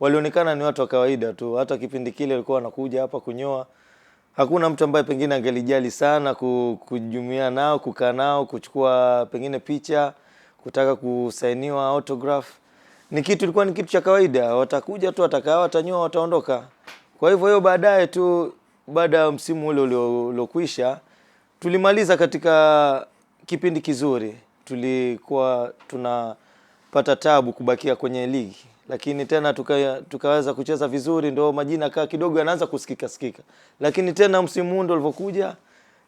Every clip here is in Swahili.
walionekana ni watu wa kawaida tu. Hata kipindi kile walikuwa wanakuja hapa kunyoa, hakuna mtu ambaye pengine angelijali sana kujumuia nao, kukaa nao, kuchukua pengine picha, kutaka kusainiwa autograph. Ni kitu ilikuwa ni kitu cha kawaida, watakuja tu, watakaa, watanyoa, wataondoka. Kwa hivyo hiyo baadaye tu, baada ya msimu ule uliokwisha, tulimaliza katika kipindi kizuri, tulikuwa tunapata tabu kubakia kwenye ligi lakini tena tuka, tukaweza kucheza vizuri, ndio majina kaa kidogo yanaanza kusikika sikika. Lakini tena msimu huu ndio ulivyokuja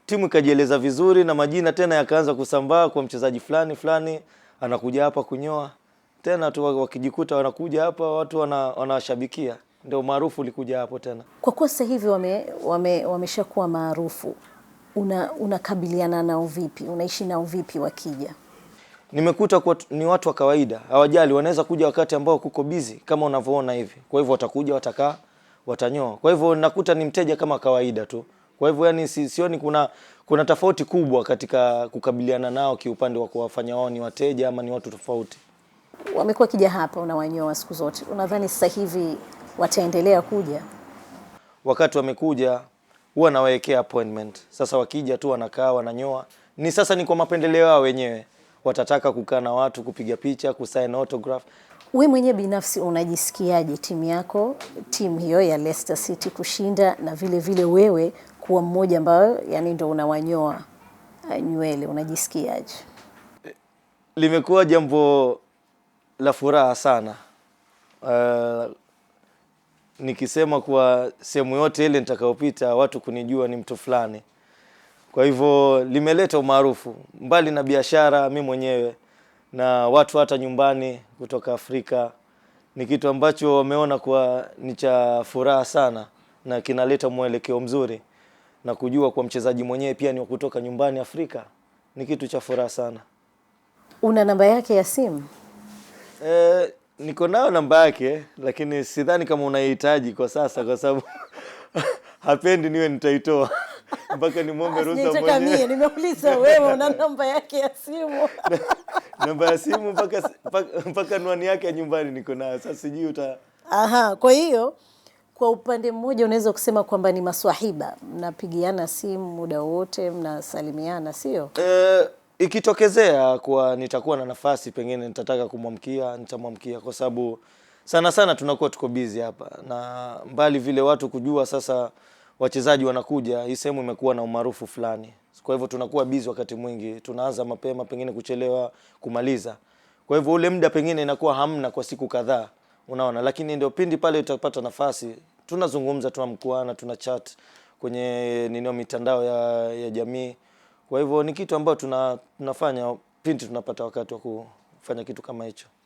timu ikajieleza vizuri na majina tena yakaanza kusambaa kwa mchezaji fulani fulani anakuja hapa kunyoa tena tu, wakijikuta wanakuja hapa watu wanawashabikia, wana ndio maarufu ulikuja hapo tena. Kwa kuwa sasa hivi wameshakuwa wame, wame maarufu, unakabiliana una nao vipi? Unaishi nao vipi wakija? nimekuta kwa, ni watu wa kawaida hawajali, wanaweza kuja wakati ambao kuko busy kama unavyoona hivi. Kwa hivyo watakuja, watakaa, watanyoa. Kwa hivyo nakuta ni mteja kama kawaida tu. Kwa hivyo yani, sioni kuna kuna tofauti kubwa katika kukabiliana nao kiupande wa kuwafanya wao ni wateja ama ni watu tofauti. Wamekuwa kija hapa, unawanyoa siku zote, unadhani sasa hivi wataendelea kuja? Wakati wamekuja huwa nawawekea appointment. Sasa wakija tu wanakaa wananyoa, ni sasa ni kwa mapendeleo yao wenyewe watataka kukaa na watu kupiga picha, kusign autograph. We mwenyewe binafsi unajisikiaje timu yako, timu hiyo ya Leicester City kushinda na vile vile wewe kuwa mmoja ambayo yani ndo unawanyoa eh, nywele, unajisikiaje? Limekuwa jambo la furaha sana. Uh, nikisema kuwa sehemu yote ile nitakayopita watu kunijua ni mtu fulani. Kwa hivyo limeleta umaarufu mbali na biashara, mi mwenyewe na watu hata nyumbani kutoka Afrika. Ni kitu ambacho wameona kuwa ni cha furaha sana na kinaleta mwelekeo mzuri, na kujua kwa mchezaji mwenyewe pia ni wa kutoka nyumbani Afrika ni kitu cha furaha sana. Una namba yake ya simu? E, niko nayo namba yake, lakini sidhani kama unaihitaji kwa sasa, kwa sababu hapendi niwe nitaitoa mpaka nimwombe ruhusa mwenyewe. Nimeuliza wewe una namba yake ya simu namba ya simu mpaka mpaka nwani yake ya nyumbani niko nayo. Sasa sijui uta aha. Kwa hiyo kwa upande mmoja unaweza kusema kwamba ni maswahiba, mnapigiana simu muda wote, mnasalimiana, sio eh? Ikitokezea kuwa nitakuwa na nafasi pengine nitataka kumwamkia, nitamwamkia kwa sababu sana sana tunakuwa tuko busy hapa, na mbali vile watu kujua sasa wachezaji wanakuja, hii sehemu imekuwa na umaarufu fulani, kwa hivyo tunakuwa busy wakati mwingi, tunaanza mapema, pengine kuchelewa kumaliza, kwa hivyo ule muda pengine inakuwa hamna kwa siku kadhaa, unaona. Lakini ndio pindi pale utapata nafasi, tunazungumza, tunamkuana, tuna chat kwenye ninio mitandao ya, ya jamii. Kwa hivyo ni kitu ambacho tuna, tunafanya pindi tunapata wakati wa kufanya kitu kama hicho.